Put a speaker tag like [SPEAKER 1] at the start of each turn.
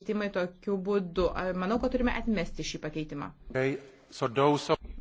[SPEAKER 1] pakeitimai tokiu būdu. Manau, kad turime atmesti šį pakeitimą.
[SPEAKER 2] Okay. So those...